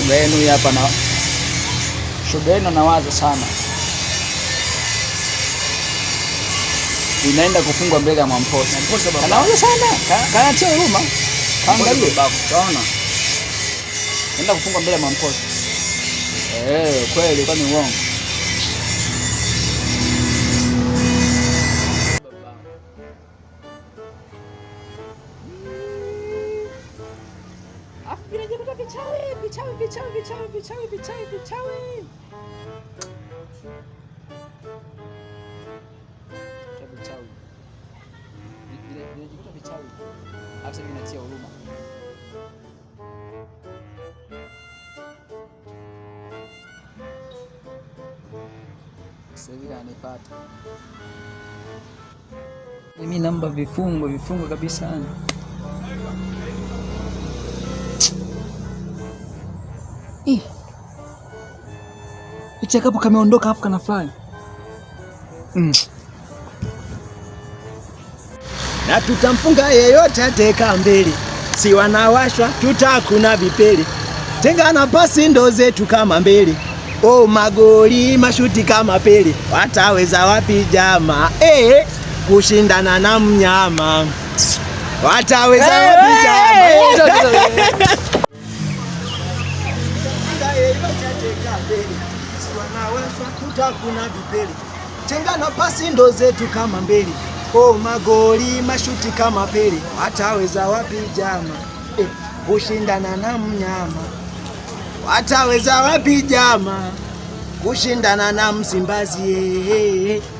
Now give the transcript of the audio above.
shoga yenu hapa na shoga yenu anawaza sana, inaenda kufungwa mbele ya Mwamposa. Anawaza sana, kaatia huruma, kaangalie baba, utaona inaenda kufungwa mbele ya Mwamposa. Eh, kweli kwani uongo? Nimejipata vichawi, vichawi, vichawi, vichawi, vichawi, vichawi, vichawi. Vichawi. mimi Mimi namba vifungo, vifungo kabisa. Ichakapo kameondoka hapo kana fly. mm. Na tutamfunga yeyote ateka mbili, si wanawashwa tutakuna vipeli, tenga na pasi ndo zetu kama mbili Oh, magoli mashuti kama peli, wataweza wapi jama? eh, kushindana na mnyama wataweza wapi hey wachateka mbele, wanaweza tutakuna vipele, chenga na pasi ndo zetu kama mbele, o magoli mashuti kama pele, wataweza wapi jama eh, kushindana na mnyama, wataweza wapi jama kushindana na Msimbazi eh, eh, eh.